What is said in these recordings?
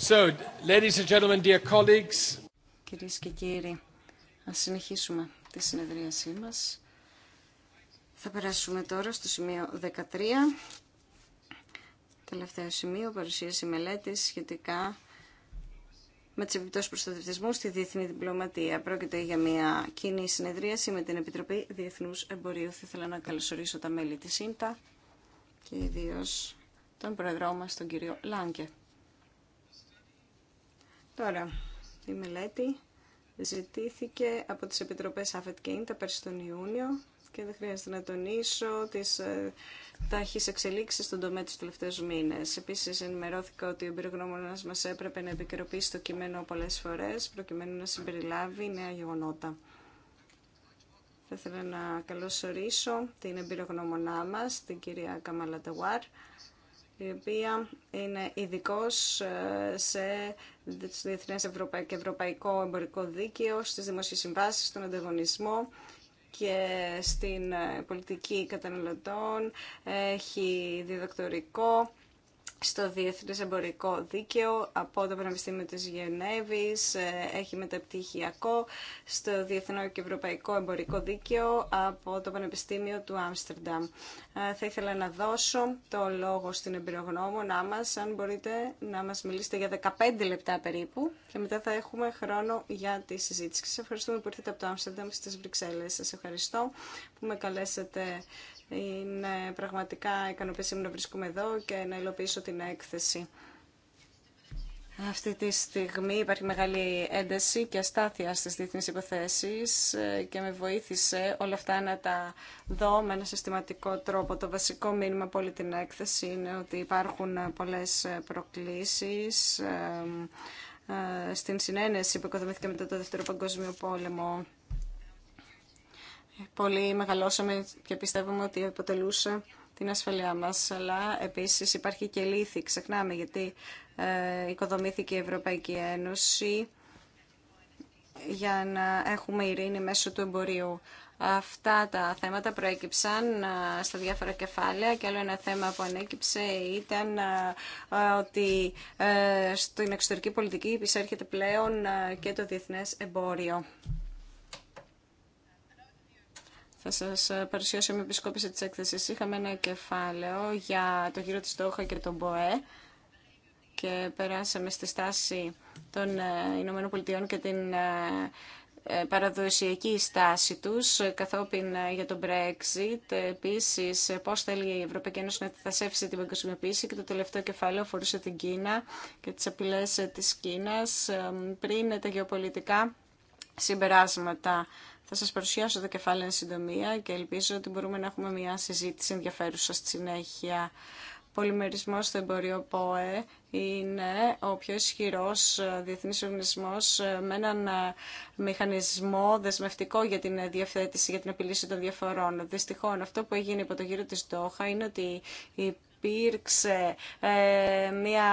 So, Κυρίες και κύριοι, ας συνεχίσουμε τη συνεδρίασή μας. Θα περάσουμε τώρα στο σημείο 13. Τελευταίο σημείο, παρουσίαση μελέτης σχετικά με τις επιπτώσεις προστατευτισμού στη διεθνή διπλωματία. Πρόκειται για μια κοινή συνεδρίαση με την Επιτροπή Διεθνούς Εμπορίου. Θα ήθελα να καλωσορίσω τα μέλη της ΣΥΝΤΑ και ιδίω τον Προεδρό μας, τον κύριο Λάγκε. Τώρα, η μελέτη ζητήθηκε από τις Επιτροπές ΑΦΕΤ και ΙΝΤΑ πέρσι τον Ιούνιο και δεν χρειάζεται να τονίσω τις ε, τάχεις εξελίξεις στον τομέα του τελευταίους μήνες. Επίσης ενημερώθηκα ότι ο εμπειρογνώμονας μας έπρεπε να επικαιροποιήσει το κείμενο πολλές φορές προκειμένου να συμπεριλάβει νέα γεγονότα. Θα ήθελα να καλωσορίσω την εμπειρογνώμονά μας, την κυρία Καμαλατεουάρ, η οποία είναι ειδικό ε, σε διεθνέ και ευρωπαϊκό εμπορικό δίκαιο, στι δημόσιε συμβάσει, στον ανταγωνισμό και στην ε, πολιτική καταναλωτών. Έχει διδακτορικό στο Διεθνές Εμπορικό Δίκαιο από το Πανεπιστήμιο της Γενέβης, ε, έχει μεταπτυχιακό στο Διεθνό και Ευρωπαϊκό Εμπορικό Δίκαιο από το Πανεπιστήμιο του Άμστερνταμ. Ε, θα ήθελα να δώσω το λόγο στην εμπειρογνώμονά μας, αν μπορείτε να μας μιλήσετε για 15 λεπτά περίπου και μετά θα έχουμε χρόνο για τη συζήτηση. σας ευχαριστούμε που ήρθατε από το Άμστερνταμ στις Βρυξέλλες. Σας ευχαριστώ που με καλέσατε είναι πραγματικά μου να βρίσκουμε εδώ και να υλοποιήσω την έκθεση. Αυτή τη στιγμή υπάρχει μεγάλη ένταση και αστάθεια στις διεθνείς υποθέσεις ε, και με βοήθησε όλα αυτά να τα δω με ένα συστηματικό τρόπο. Το βασικό μήνυμα από όλη την έκθεση είναι ότι υπάρχουν πολλές προκλήσεις ε, ε, στην συνένεση που οικοδομήθηκε μετά το Δεύτερο Παγκόσμιο Πόλεμο Πολύ μεγαλώσαμε και πιστεύουμε ότι αποτελούσε την ασφαλεία μας, αλλά επίσης υπάρχει και λύθη. Ξεχνάμε γιατί ε, οικοδομήθηκε η Ευρωπαϊκή Ένωση για να έχουμε ειρήνη μέσω του εμπορίου. Αυτά τα θέματα προέκυψαν ε, στα διάφορα κεφάλαια και άλλο ένα θέμα που ανέκυψε ήταν ε, ότι στην εξωτερική πολιτική εισέρχεται πλέον και το διεθνές εμπόριο. Θα σα ε, παρουσιάσω μια επισκόπηση τη εκθεση. Είχαμε ένα κεφάλαιο για το γύρο τη Τόχα και τον ΠΟΕ και περάσαμε στη στάση των ε, Ηνωμένων Πολιτειών και την ε, παραδοσιακή στάση τους καθόπιν για τον Brexit. Επίσης, πώς θέλει η Ευρωπαϊκή Ένωση να θασέψει την παγκοσμιοποίηση και το τελευταίο κεφάλαιο αφορούσε την Κίνα και τις απειλές της Κίνας πριν τα γεωπολιτικά συμπεράσματα. Θα σας παρουσιάσω το κεφάλαιο εν συντομία και ελπίζω ότι μπορούμε να έχουμε μια συζήτηση ενδιαφέρουσα στη συνέχεια. Πολυμερισμός στο εμπορίο ΠΟΕ είναι ο πιο ισχυρό ε, διεθνής οργανισμός ε, με έναν ε, μηχανισμό δεσμευτικό για την διευθέτηση, για την επιλύση των διαφορών. Δυστυχώς αυτό που έγινε υπό το γύρο της Δόχα είναι ότι υπήρξε ε, μια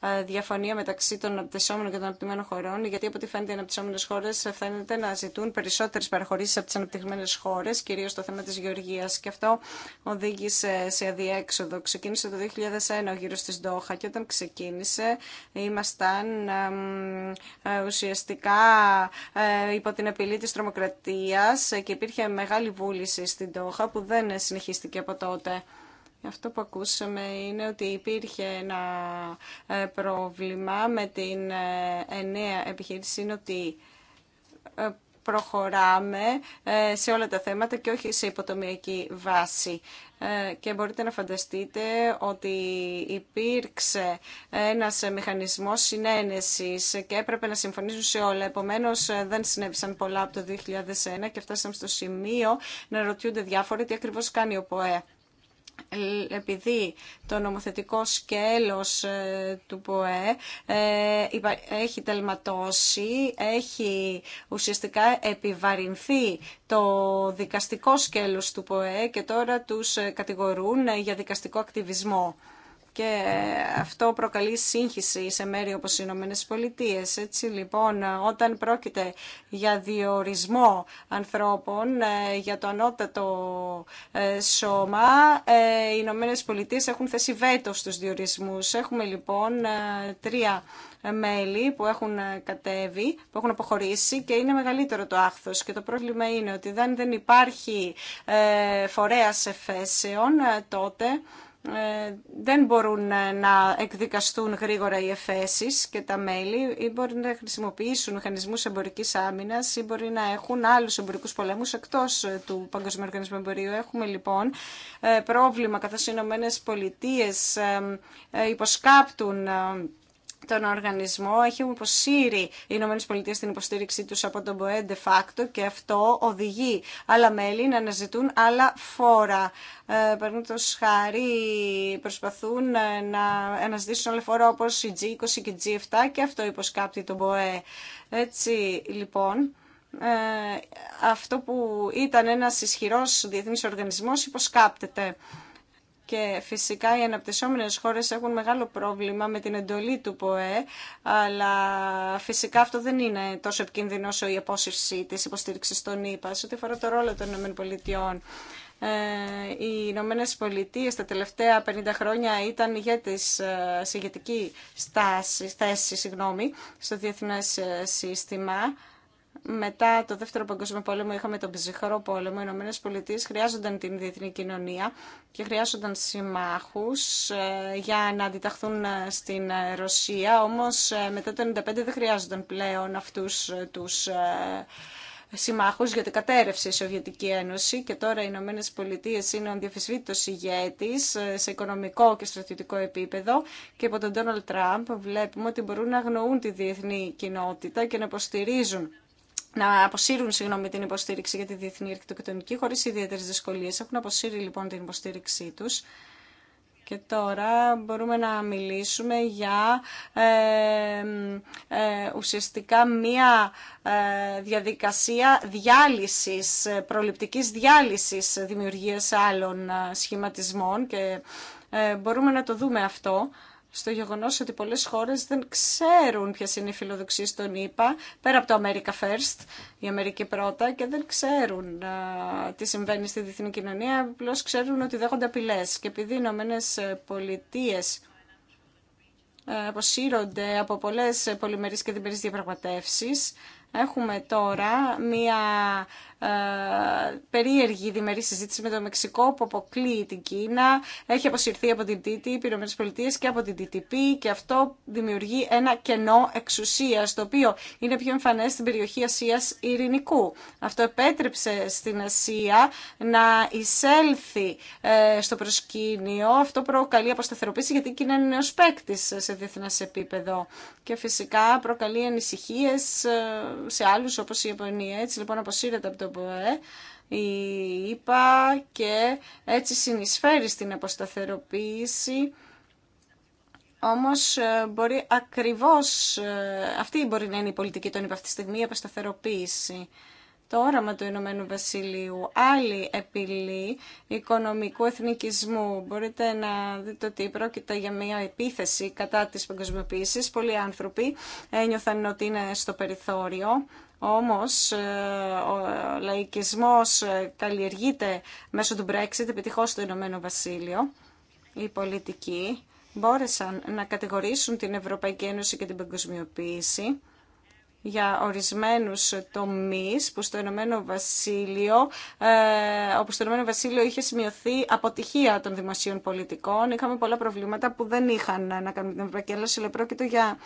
ε, διαφωνία μεταξύ των αναπτυσσόμενων και των αναπτυγμένων χωρών, γιατί από ό,τι φαίνεται οι αναπτυσσόμενε χώρε φαίνεται να ζητούν περισσότερε παραχωρήσει από τι αναπτυγμένε χώρε, κυρίω στο θέμα τη γεωργία. Και αυτό οδήγησε σε αδιέξοδο. Ξεκίνησε το 2001 ο γύρο τη Ντόχα και όταν ξεκίνησε ήμασταν ε, ουσιαστικά υπό την απειλή τη τρομοκρατία και υπήρχε μεγάλη βούληση στην Ντόχα που δεν συνεχίστηκε από τότε. Αυτό που ακούσαμε είναι ότι υπήρχε ένα ε, πρόβλημα με την εννέα επιχείρηση, είναι ότι ε, προχωράμε ε, σε όλα τα θέματα και όχι σε υποτομιακή βάση. Και μπορείτε να φανταστείτε ότι υπήρξε ένας μηχανισμός συνένεσης και έπρεπε να συμφωνήσουν σε όλα. Επομένως δεν συνέβησαν πολλά από το 2001 και φτάσαμε στο σημείο να ρωτιούνται διάφορα τι ακριβώς κάνει ο ΠΟΕ επειδή το νομοθετικό σκέλος ε, του ΠΟΕ ε, έχει τελματώσει, έχει ουσιαστικά επιβαρυνθεί το δικαστικό σκέλος του ΠΟΕ και τώρα τους ε, κατηγορούν για δικαστικό ακτιβισμό και αυτό προκαλεί σύγχυση σε μέρη όπως οι Ηνωμένε Πολιτείε. Έτσι λοιπόν, όταν πρόκειται για διορισμό ανθρώπων ε, για το ανώτατο ε, σώμα, ε, οι Ηνωμένε Πολιτείε έχουν θέσει βέτο στους διορισμούς. Έχουμε λοιπόν τρία μέλη που έχουν κατέβει, που έχουν αποχωρήσει και είναι μεγαλύτερο το άχθος. Και το πρόβλημα είναι ότι δεν υπάρχει φορέας εφέσεων, τότε ε, δεν μπορούν ε, να εκδικαστούν γρήγορα οι εφέσει και τα μέλη ή μπορεί να χρησιμοποιήσουν μηχανισμού εμπορικής άμυνας ή μπορεί να έχουν άλλους εμπορικούς πολέμους εκτός ε, του Παγκοσμίου Οργανισμού Εμπορίου. Έχουμε λοιπόν πρόβλημα καθώ οι Ηνωμένε Πολιτείε υποσκάπτουν τον οργανισμό έχει υποσύρει οι ΗΠΑ την υποστήριξή τους από τον ΠΟΕ de facto και αυτό οδηγεί άλλα μέλη να αναζητούν άλλα φόρα. Ε, Παραδείγματο χάρη προσπαθούν ε, να αναζητήσουν άλλα φόρα όπως η G20 και η G7 και αυτό υποσκάπτει τον ΠΟΕ. Έτσι λοιπόν... Ε, αυτό που ήταν ένας ισχυρός διεθνής οργανισμός υποσκάπτεται. Και φυσικά οι αναπτυσσόμενες χώρες έχουν μεγάλο πρόβλημα με την εντολή του ΠΟΕ, αλλά φυσικά αυτό δεν είναι τόσο επικίνδυνο όσο η απόσυρση της υποστήριξης των ΗΠΑ, σε ό,τι αφορά το ρόλο των ΗΠΑ. Ε, οι Ηνωμένε Πολιτείε τα τελευταία 50 χρόνια ήταν ηγέτης σε ηγετική θέση στο διεθνές ε, σύστημα μετά το Δεύτερο Παγκόσμιο Πόλεμο είχαμε τον ψυχρό πόλεμο. Οι Ηνωμένε Πολιτείε χρειάζονταν την διεθνή κοινωνία και χρειάζονταν συμμάχου ε, για να αντιταχθούν ε, στην ε, Ρωσία. Όμω μετά το 1995 δεν χρειάζονταν πλέον αυτού του συμμάχους γιατί κατέρευσε η Σοβιετική Ένωση και τώρα οι Ηνωμένε Πολιτείε είναι ο αντιαφισβήτητος ηγέτης σε οικονομικό και στρατιωτικό επίπεδο και από τον Τόναλτ Τραμπ βλέπουμε ότι μπορούν να αγνοούν τη διεθνή κοινότητα και να υποστηρίζουν να αποσύρουν συγγνώμη, την υποστήριξη για τη διεθνή αρχιτεκτονική χωρίς ιδιαίτερε δυσκολίε. Έχουν αποσύρει λοιπόν την υποστήριξή τους. Και τώρα μπορούμε να μιλήσουμε για ε, ε, ουσιαστικά μία ε, διαδικασία διάλυσης, προληπτικής διάλυσης δημιουργίας άλλων σχηματισμών και μπορούμε να το δούμε αυτό στο γεγονός ότι πολλές χώρες δεν ξέρουν ποιε είναι οι φιλοδοξίε των ΗΠΑ, πέρα από το America First, η Αμερική πρώτα, και δεν ξέρουν τι συμβαίνει στη διεθνή κοινωνία, απλώ ξέρουν ότι δέχονται απειλέ. Και επειδή οι Ηνωμένε Πολιτείε ε, αποσύρονται από πολλές πολυμερείς και διμερείς διαπραγματεύσεις, έχουμε τώρα μία ε, περίεργη διμερή συζήτηση με το Μεξικό που αποκλείει την Κίνα, έχει αποσυρθεί από την TTIP, οι Πολιτείε και από την TTP και αυτό δημιουργεί ένα κενό εξουσία, το οποίο είναι πιο εμφανέ στην περιοχή Ασία Ειρηνικού. Αυτό επέτρεψε στην Ασία να εισέλθει ε, στο προσκήνιο. Αυτό προκαλεί αποσταθεροποίηση γιατί η Κίνα είναι νέο παίκτη σε διεθνέ επίπεδο. Και φυσικά προκαλεί ανησυχίε ε, σε άλλου όπω η Ιαπωνία. Έτσι λοιπόν αποσύρεται από το τον ε, και έτσι συνεισφέρει στην αποσταθεροποίηση. Όμως ε, μπορεί ακριβώς, ε, αυτή μπορεί να είναι η πολιτική των είπα αυτή τη στιγμή, η αποσταθεροποίηση. Το όραμα του Ηνωμένου Βασιλείου, άλλη επιλή οικονομικού εθνικισμού. Μπορείτε να δείτε ότι πρόκειται για μια επίθεση κατά της παγκοσμιοποίησης. Πολλοί άνθρωποι ένιωθαν ότι είναι στο περιθώριο όμως ε, ο λαϊκισμός ε, καλλιεργείται μέσω του Brexit επιτυχώς στο Ηνωμένο Βασίλειο. Οι πολιτικοί μπόρεσαν να κατηγορήσουν την Ευρωπαϊκή Ένωση και την παγκοσμιοποίηση για ορισμένους τομείς που στο Ηνωμένο Βασίλειο, ε, όπου στο Ηνωμένο Βασίλειο είχε σημειωθεί αποτυχία των δημοσίων πολιτικών. Είχαμε πολλά προβλήματα που δεν είχαν να κάνουν την Ευρωπαϊκή αλλά πρόκειται για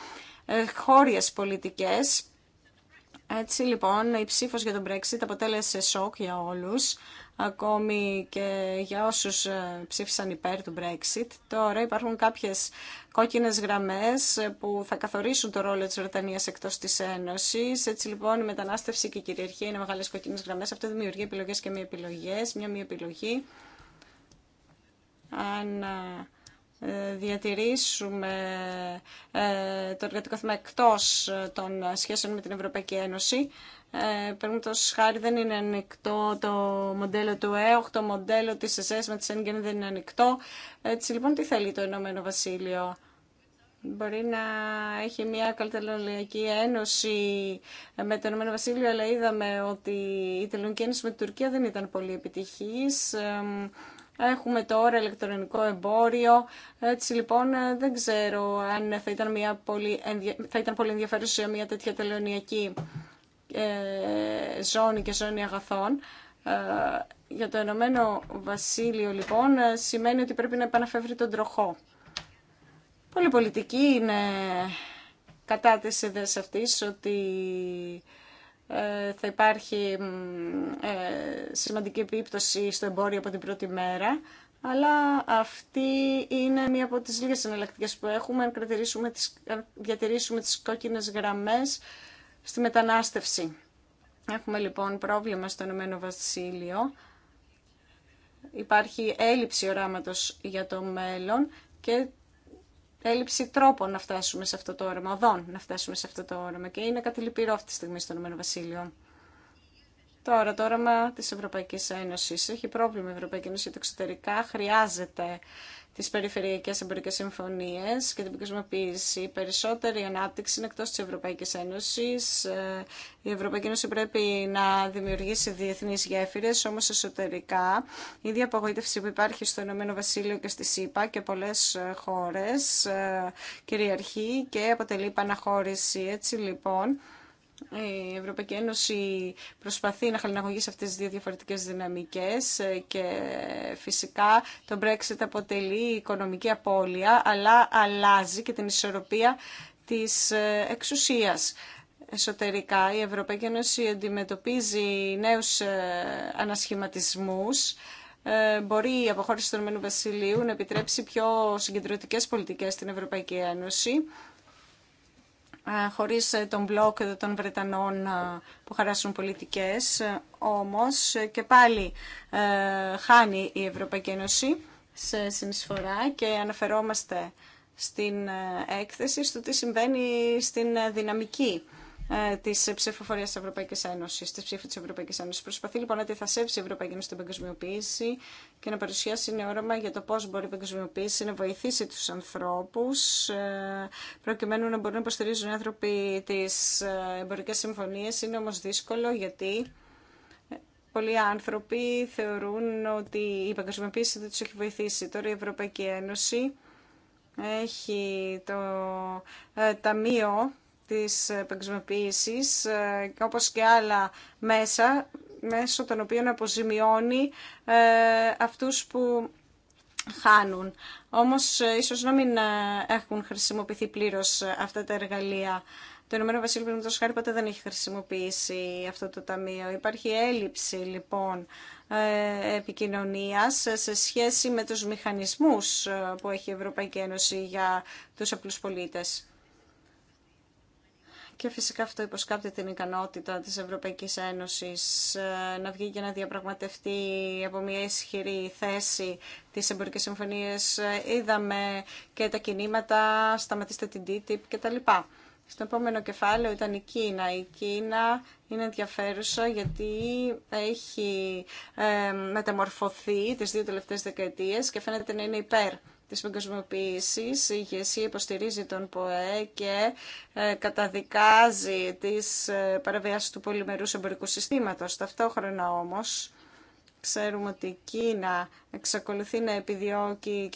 ε, χώριες πολιτικές έτσι λοιπόν η ψήφος για τον Brexit αποτέλεσε σοκ για όλους, ακόμη και για όσους ε, ψήφισαν υπέρ του Brexit. Τώρα υπάρχουν κάποιες κόκκινες γραμμές που θα καθορίσουν το ρόλο της Βρετανίας εκτός της Ένωσης. Έτσι λοιπόν η μετανάστευση και η κυριαρχία είναι μεγάλες κόκκινες γραμμές. Αυτό δημιουργεί επιλογές και μη επιλογές, μια μη επιλογή. Αν ε, ε, διατηρήσουμε ε, το εργατικό θέμα εκτός ε, των σχέσεων με την Ευρωπαϊκή Ένωση. Παίρνουμε το χάρη δεν είναι ανοιχτό το μοντέλο του ΕΟΧ, το μοντέλο της ΕΣΕΣ με τη ΣΕΝΚΕΝ δεν είναι ανοιχτό. Έτσι λοιπόν τι θέλει το Ηνωμένο Βασίλειο. Μπορεί να έχει μια καλλιτελωνιακή ένωση με το Ηνωμένο Βασίλειο, αλλά είδαμε ότι η τελωνική ένωση με την Τουρκία δεν ήταν πολύ επιτυχής. Έχουμε τώρα ηλεκτρονικό εμπόριο. Έτσι λοιπόν ε, δεν ξέρω αν θα ήταν, μια πολύ, ενδια... θα πολύ ενδιαφέρουσα μια τέτοια τελωνιακή ε, ζώνη και ζώνη αγαθών. Ε, για το Ενωμένο Βασίλειο λοιπόν σημαίνει ότι πρέπει να επαναφεύρει τον τροχό. Πολύ πολιτική είναι κατά της ιδέας αυτής ότι ε, θα υπάρχει ε, σημαντική επίπτωση στο εμπόριο από την πρώτη μέρα. Αλλά αυτή είναι μία από τις λίγες εναλλακτικές που έχουμε αν, διατηρήσουμε τις κόκκινες γραμμές στη μετανάστευση. Έχουμε λοιπόν πρόβλημα στο Ηνωμένο Βασίλειο. Υπάρχει έλλειψη οράματος για το μέλλον και έλλειψη τρόπων να φτάσουμε σε αυτό το όραμα, οδών να φτάσουμε σε αυτό το όραμα και είναι κάτι λυπηρό αυτή τη στιγμή στο Ηνωμένο Τώρα, το όραμα τη Ευρωπαϊκή Ένωση. Έχει πρόβλημα η Ευρωπαϊκή Ένωση γιατί εξωτερικά χρειάζεται τις περιφερειακές Εμπορικέ Συμφωνίε και την παγκοσμιοποίηση. περισσότερη ανάπτυξη είναι εκτό τη Ευρωπαϊκή Ένωση. Ε, η Ευρωπαϊκή Ένωση πρέπει να δημιουργήσει διεθνεί γέφυρε όμω εσωτερικά η ίδια απογοήτευση που υπάρχει στο Ηνωμένο Βασίλειο και στη ΣΥΠΑ και πολλέ ε, χώρε. Ε, κυριαρχεί και αποτελεί παναχώρηση. Έτσι λοιπόν, η Ευρωπαϊκή Ένωση προσπαθεί να χαλιναγωγήσει αυτές τις δύο διαφορετικές δυναμικές ε, και φυσικά το Brexit αποτελεί οικονομική απώλεια, αλλά αλλάζει και την ισορροπία της ε, εξουσίας. Εσωτερικά η Ευρωπαϊκή Ένωση αντιμετωπίζει νέους ε, ανασχηματισμούς, μπορεί η αποχώρηση του Ηνωμένου Βασιλείου να επιτρέψει πιο συγκεντρωτικές πολιτικές στην Ευρωπαϊκή Ένωση χωρίς ε, τον μπλοκ ε, των Βρετανών που χαράσουν πολιτικές, ε, όμως και πάλι χάνει η Ευρωπαϊκή Ένωση σε συνεισφορά και αναφερόμαστε στην έκθεση στο τι συμβαίνει στην δυναμική ε, τη ψηφοφορία τη Ευρωπαϊκή Ένωση, τη ψήφου τη Ευρωπαϊκή Ένωση. Προσπαθεί λοιπόν να αντιθασέψει η Ευρωπαϊκή Ένωση την παγκοσμιοποίηση και να παρουσιάσει ένα όραμα για το πώ μπορεί η παγκοσμιοποίηση να βοηθήσει του ανθρώπου, ε, προκειμένου να μπορούν να υποστηρίζουν οι άνθρωποι τι ε, εμπορικέ συμφωνίε. Είναι όμω δύσκολο γιατί πολλοί άνθρωποι θεωρούν ότι η παγκοσμιοποίηση δεν του έχει βοηθήσει. Τώρα η Ευρωπαϊκή Ένωση έχει το ταμείο της επεξημοποίησης, ε, όπως και άλλα μέσα, μέσω των οποίων αποζημιώνει ε, αυτούς που χάνουν. Όμως, ε, ίσως να μην έχουν χρησιμοποιηθεί πλήρως αυτά τα εργαλεία. Το Ηνωμένο Βασίλειο Χάρη δεν έχει χρησιμοποιήσει αυτό το ταμείο. Υπάρχει έλλειψη λοιπόν επικοινωνίας σε σχέση με τους μηχανισμούς που έχει η Ευρωπαϊκή Ένωση για τους απλούς πολίτες. Και φυσικά αυτό υποσκάπτει την ικανότητα της Ευρωπαϊκής Ένωσης ε, να βγει και να διαπραγματευτεί από μια ισχυρή θέση τις εμπορικές συμφωνίες. Ε, είδαμε και τα κινήματα, σταματήστε την TTIP κτλ. Στο επόμενο κεφάλαιο ήταν η Κίνα. Η Κίνα είναι ενδιαφέρουσα γιατί έχει ε, μεταμορφωθεί τις δύο τελευταίες δεκαετίες και φαίνεται να είναι υπέρ της παγκοσμιοποίησης. Η ηγεσία υποστηρίζει τον ΠΟΕ και ε, καταδικάζει τις ε, παραβιάσεις του πολυμερούς εμπορικού συστήματος. Ταυτόχρονα όμως ξέρουμε ότι η Κίνα εξακολουθεί να επιδιώκει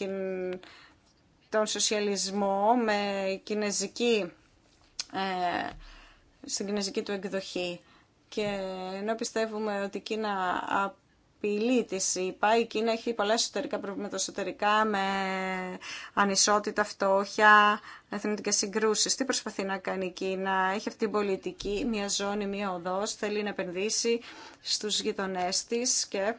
τον σοσιαλισμό με κινέζικη, ε, στην κινέζικη του εκδοχή. Και ενώ πιστεύουμε ότι η Κίνα απειλή τη Η Κίνα έχει πολλά εσωτερικά προβλήματα εσωτερικά με ανισότητα, φτώχεια, εθνίκε συγκρούσει. Τι προσπαθεί να κάνει η Κίνα. Έχει αυτή την πολιτική, μια ζώνη, μια οδό. θέλει να επενδύσει στου γειτονέ τη και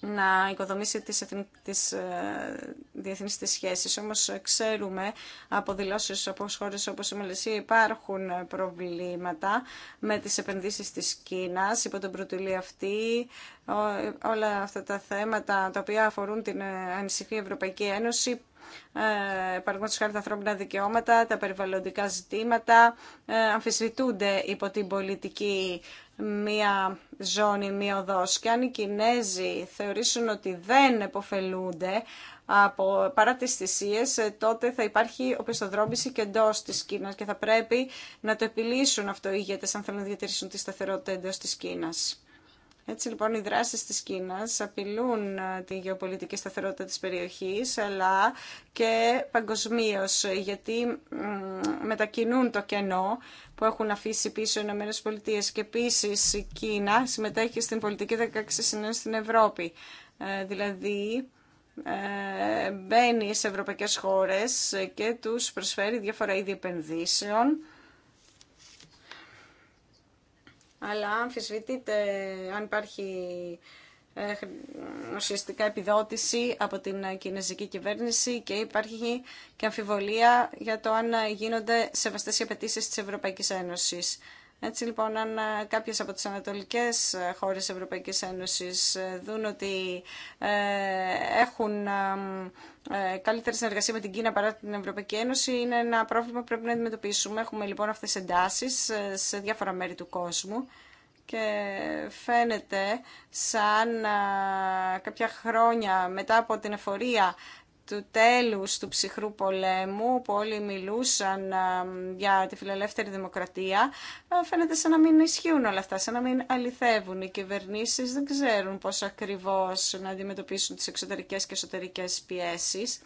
να οικοδομήσει τις, εθν... τις ε, διεθνείς της σχέσεις. Όμως ε, ξέρουμε από δηλώσεις από χώρες όπως η Μαλαισία υπάρχουν ε, προβλήματα με τις επενδύσεις της Κίνας υπό τον πρωτηλή αυτή. όλα αυτά τα θέματα τα οποία αφορούν την ανησυχία Ευρωπαϊκή Ένωση ε, παραδείγματος χάρη τα ανθρώπινα δικαιώματα, τα περιβαλλοντικά ζητήματα, ε, αμφισβητούνται υπό την πολιτική μία ζώνη, μία οδός. Και αν οι Κινέζοι θεωρήσουν ότι δεν επωφελούνται από, παρά τις θυσίες, ε, τότε θα υπάρχει οπισθοδρόμηση και εντό της Κίνας και θα πρέπει να το επιλύσουν αυτό οι ηγέτες αν θέλουν να διατηρήσουν τη σταθερότητα εντό της Κίνας. Έτσι λοιπόν οι δράσεις της Κίνα απειλούν ε, τη γεωπολιτική σταθερότητα της περιοχής αλλά και παγκοσμίω, γιατί μετακινούν το κενό που έχουν αφήσει πίσω οι ΗΠΑ. και επίση η Κίνα συμμετέχει στην πολιτική 16 συνένωση στην Ευρώπη. Ε, δηλαδή ε, μπαίνει σε ευρωπαϊκές χώρες και τους προσφέρει διάφορα είδη επενδύσεων αλλά αμφισβητείται αν υπάρχει ε, ουσιαστικά επιδότηση από την κινέζικη κυβέρνηση και υπάρχει και αμφιβολία για το αν γίνονται σεβαστές οι απαιτήσει της Ευρωπαϊκής Ένωσης. Έτσι λοιπόν, αν ε, κάποιες από τις ανατολικές ε, χώρες Ευρωπαϊκής Ένωσης ε, δουν ότι έχουν καλύτερη συνεργασία με την Κίνα παρά την Ευρωπαϊκή Ένωση, είναι ένα πρόβλημα που πρέπει να αντιμετωπίσουμε. Έχουμε λοιπόν αυτές τις εντάσεις σε διάφορα μέρη του κόσμου και φαίνεται σαν κάποια χρόνια μετά από την εφορία του τέλους του ψυχρού πολέμου που όλοι μιλούσαν για τη φιλελεύθερη δημοκρατία φαίνεται σαν να μην ισχύουν όλα αυτά, σαν να μην αληθεύουν. Οι κυβερνήσεις δεν ξέρουν πώς ακριβώς να αντιμετωπίσουν τις εξωτερικές και εσωτερικές πιέσεις.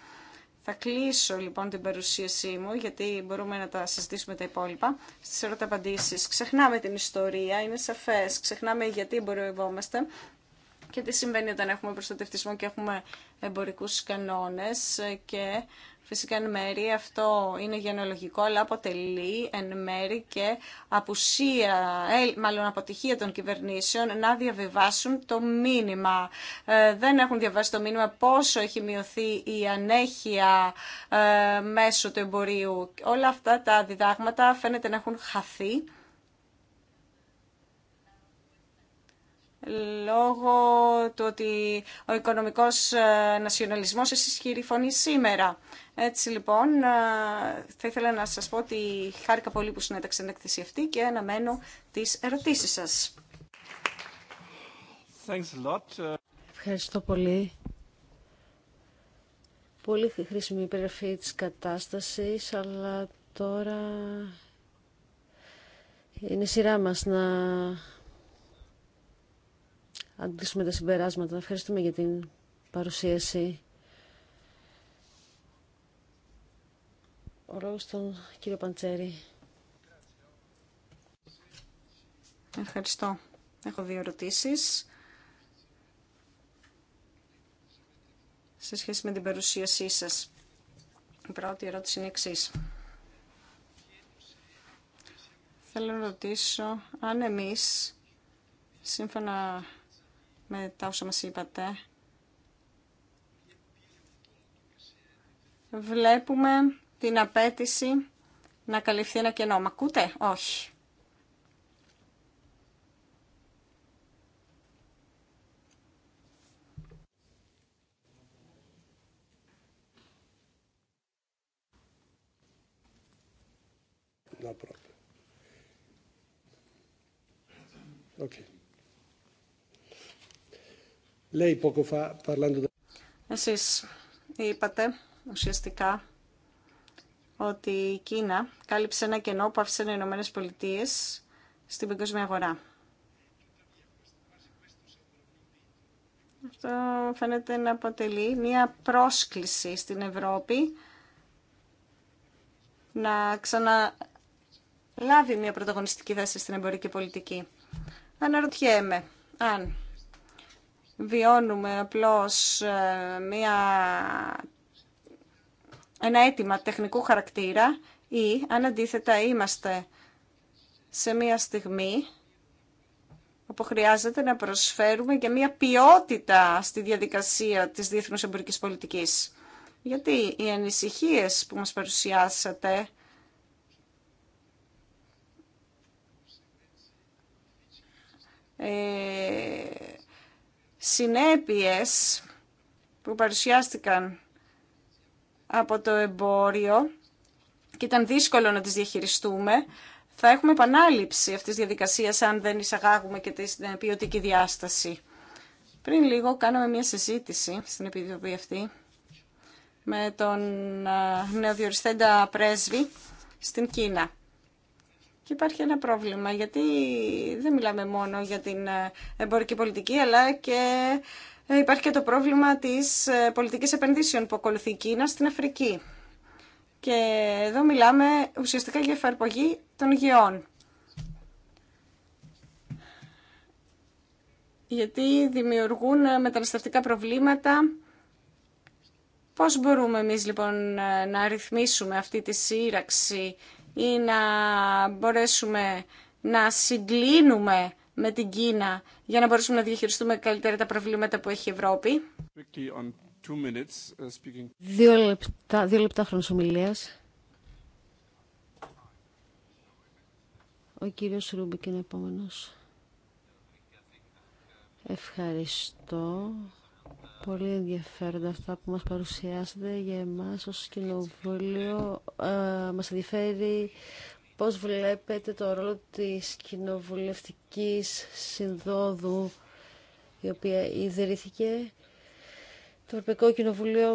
Θα κλείσω λοιπόν την παρουσίασή μου γιατί μπορούμε να τα συζητήσουμε τα υπόλοιπα στις ερώτα απαντήσεις. Ξεχνάμε την ιστορία, είναι σαφές, ξεχνάμε γιατί εμπορευόμαστε και τι συμβαίνει όταν έχουμε προστατευτισμό και έχουμε εμπορικούς κανόνες και φυσικά εν μέρη αυτό είναι γενολογικό αλλά αποτελεί εν μέρη και απουσία, ε, μάλλον αποτυχία των κυβερνήσεων να διαβιβάσουν το μήνυμα. Ε, δεν έχουν διαβάσει το μήνυμα πόσο έχει μειωθεί η ανέχεια ε, μέσω του εμπορίου. Όλα αυτά τα διδάγματα φαίνεται να έχουν χαθεί λόγω του ότι ο οικονομικός ε, νασιοναλισμός ισχυρή φωνή σήμερα. Έτσι λοιπόν, ε, θα ήθελα να σας πω ότι χάρηκα πολύ που συνέταξε την εκθεσία αυτή και αναμένω τις ερωτήσεις σας. Thanks a lot. Ευχαριστώ πολύ. Πολύ χρήσιμη περιγραφή της κατάστασης, αλλά τώρα είναι σειρά μας να αντλήσουμε τα συμπεράσματα. Ευχαριστούμε για την παρουσίαση. Ο λόγος στον κύριο Παντσέρη. Ευχαριστώ. Έχω δύο ερωτήσεις. Σε σχέση με την παρουσίασή σας. Η πρώτη ερώτηση είναι εξή. Θέλω να ρωτήσω αν εμείς, σύμφωνα με τα όσα μας είπατε. Βλέπουμε την απέτηση να καλυφθεί ένα κενό. Μα ακούτε? Όχι. Okay. Εσεί Εσείς είπατε ουσιαστικά ότι η Κίνα κάλυψε ένα κενό που άφησαν οι Ηνωμένε Πολιτείε στην παγκόσμια αγορά. Αυτό φαίνεται να αποτελεί μία πρόσκληση στην Ευρώπη να ξαναλάβει μία πρωταγωνιστική θέση στην εμπορική πολιτική. Αναρωτιέμαι αν βιώνουμε απλώς ε, μια, ένα αίτημα τεχνικού χαρακτήρα ή αν αντίθετα είμαστε σε μια στιγμή όπου χρειάζεται να προσφέρουμε και μια ποιότητα στη διαδικασία της διεθνούς εμπορικής πολιτικής. Γιατί οι ανησυχίες που μας παρουσιάσατε ε, συνέπειες που παρουσιάστηκαν από το εμπόριο και ήταν δύσκολο να τις διαχειριστούμε, θα έχουμε επανάληψη αυτής της διαδικασίας αν δεν εισαγάγουμε και την ποιοτική διάσταση. Πριν λίγο κάναμε μια συζήτηση στην επιτροπή αυτή με τον ε, νεοδιοριστέντα πρέσβη στην Κίνα. Και υπάρχει ένα πρόβλημα, γιατί δεν μιλάμε μόνο για την ε, εμπορική πολιτική, αλλά και ε, υπάρχει και το πρόβλημα της ε, πολιτικής επενδύσεων που ακολουθεί η Κίνα στην Αφρική. Και εδώ μιλάμε ουσιαστικά για εφαρμογή των γεών. Γιατί δημιουργούν μεταναστευτικά προβλήματα. Πώς μπορούμε εμείς λοιπόν να ρυθμίσουμε αυτή τη σύραξη ή να μπορέσουμε να συγκλίνουμε με την Κίνα για να μπορέσουμε να διαχειριστούμε καλύτερα τα προβλήματα που έχει η Ευρώπη. Uh, δύο λεπτά, δύο λεπτά χρόνος ομιλίας. Ο κύριος Ρούμπικ είναι επόμενος. Ευχαριστώ. Πολύ ενδιαφέροντα αυτά που μας παρουσιάσετε για εμάς ως κοινοβούλιο. Ε, μας ενδιαφέρει πώς βλέπετε το ρόλο της κοινοβουλευτικής συνδόδου η οποία ιδρύθηκε το Ευρωπαϊκό Κοινοβουλίο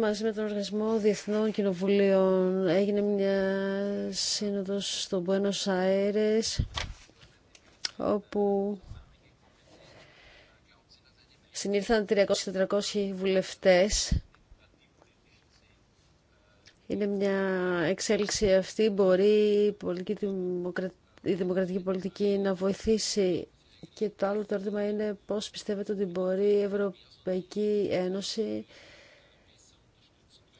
μαζί με τον Οργανισμό Διεθνών Κοινοβουλίων έγινε μια σύνοδος στο Buenos Aires όπου συνήλθαν 300-400 βουλευτές. Είναι μια εξέλιξη αυτή, μπορεί η, η δημοκρατική πολιτική να βοηθήσει. Και το άλλο το ερώτημα είναι πώς πιστεύετε ότι μπορεί η Ευρωπαϊκή Ένωση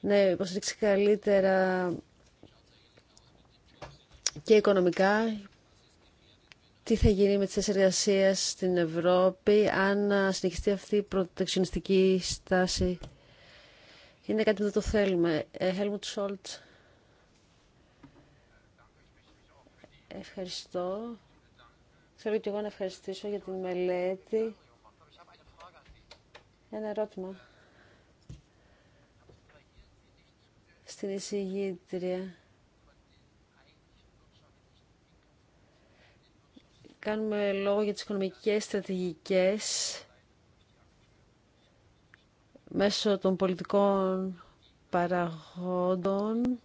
να υποστηρίξει καλύτερα και οικονομικά τι θα γίνει με τις εργασίες στην Ευρώπη αν συνεχιστεί αυτή η προτεξιονιστική στάση. Είναι κάτι που δεν το θέλουμε. Χέλμουτ ε, Σόλτ. Ευχαριστώ. Θέλω και εγώ να ευχαριστήσω για την μελέτη. Ένα ερώτημα. Στην εισηγήτρια. κάνουμε λόγο για τις οικονομικές στρατηγικές μέσω των πολιτικών παραγόντων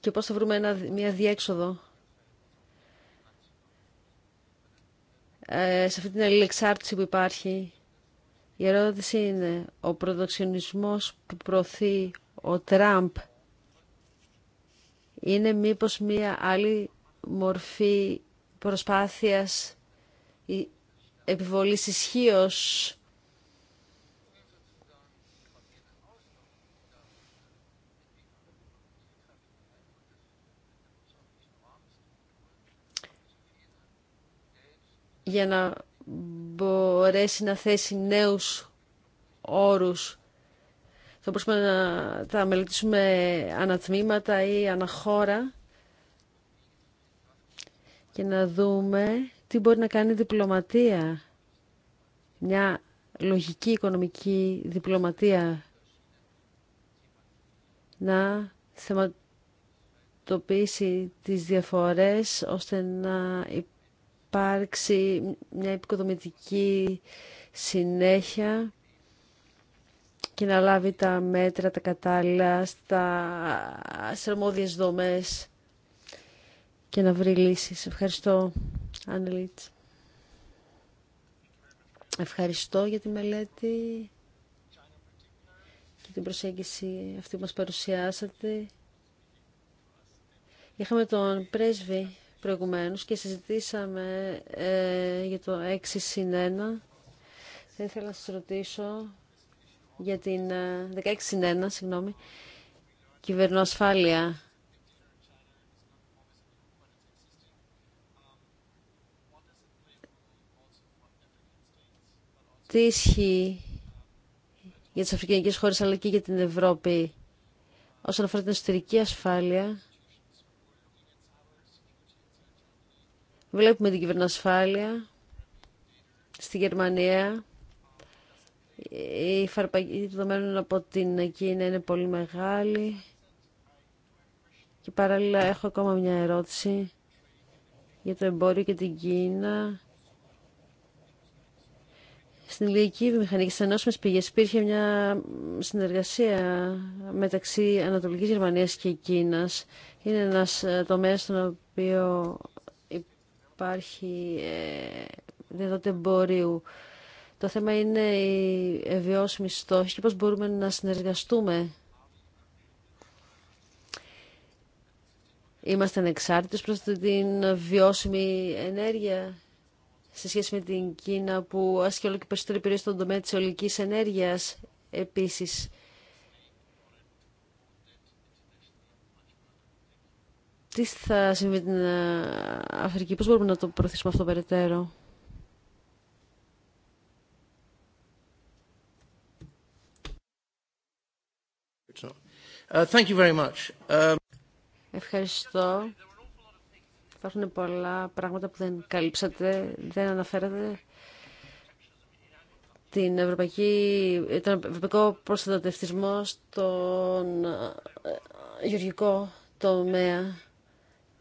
και πώς θα βρούμε μια διέξοδο ε, σε αυτή την αλληλεξάρτηση που υπάρχει. Η ερώτηση είναι ο προδοξιονισμός που προωθεί ο Τραμπ είναι μήπως μία άλλη μορφή προσπάθειας επιβολής ισχύω. για να μπορέσει να θέσει νέους όρους θα μπορούσαμε να τα μελετήσουμε ανατμήματα ή αναχώρα και να δούμε τι μπορεί να κάνει η διπλωματία. Μια λογική οικονομική διπλωματία να θεματοποιήσει τις διαφορές ώστε να υπάρξει μια επικοδομητική συνέχεια και να λάβει τα μέτρα, τα κατάλληλα, στα αρμόδιες δομές και να βρει λύσεις. Ευχαριστώ, Ανελίτς. Ευχαριστώ για τη μελέτη και την προσέγγιση αυτή που μας παρουσιάσατε. Είχαμε τον πρέσβη προηγουμένως και συζητήσαμε ε, για το 6 συν 1. Θα ήθελα να σας ρωτήσω για την 16 ε, 1, συγγνώμη, κυβερνοασφάλεια. Τι ισχύει για τις αφρικανικές χώρες αλλά και για την Ευρώπη όσον αφορά την εσωτερική ασφάλεια. Βλέπουμε την κυβερνοασφάλεια στη Γερμανία η φαρπαγή δεδομένων από την Κίνα είναι πολύ μεγάλη. Και παράλληλα έχω ακόμα μια ερώτηση για το εμπόριο και την Κίνα. Στην ηλιακή βιομηχανία και ενώσιμες πηγές, υπήρχε μια συνεργασία μεταξύ Ανατολικής Γερμανία και Κίνας. Είναι ένας ε, τομέας στον οποίο υπάρχει ε, δυνατότητα εμπορίου. Το θέμα είναι οι βιώσιμοι στόχοι και πώς μπορούμε να συνεργαστούμε. Είμαστε ανεξάρτητες προς την βιώσιμη ενέργεια σε σχέση με την Κίνα που άσχει όλο και περισσότερη περιοχή στον τομέα της ολικής ενέργειας επίσης. Τι θα συμβεί την Αφρική, πώς μπορούμε να το προωθήσουμε αυτό περαιτέρω. Uh, thank you very um, Ευχαριστώ. Υπάρχουν πολλά πράγματα που δεν καλύψατε, δεν αναφέρατε. Την Ευρωπαϊκή, τον Ευρωπαϊκό Προστατευτισμό στον ε, γεωργικό τομέα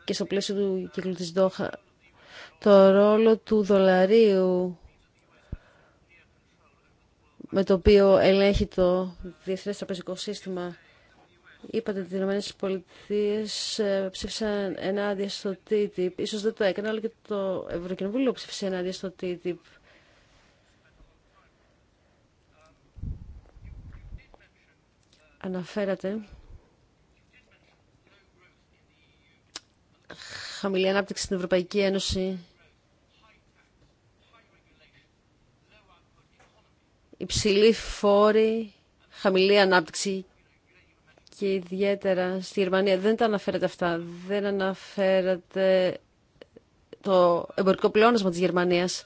και στο πλαίσιο του κύκλου της Δόχα. Το ρόλο του δολαρίου με το οποίο ελέγχει το Διεθνές Τραπεζικό Σύστημα είπατε ότι οι Ηνωμένε Πολιτείε ε, ψήφισαν ενάντια στο TTIP. Ίσως δεν το έκανα, αλλά και το Ευρωκοινοβούλιο ψήφισε ενάντια στο TTIP. Αναφέρατε χαμηλή ανάπτυξη στην Ευρωπαϊκή Ένωση, υψηλή φόρη, χαμηλή ανάπτυξη και ιδιαίτερα στη Γερμανία. Δεν τα αναφέρατε αυτά. Δεν αναφέρατε το εμπορικό πλεόνασμα της Γερμανίας.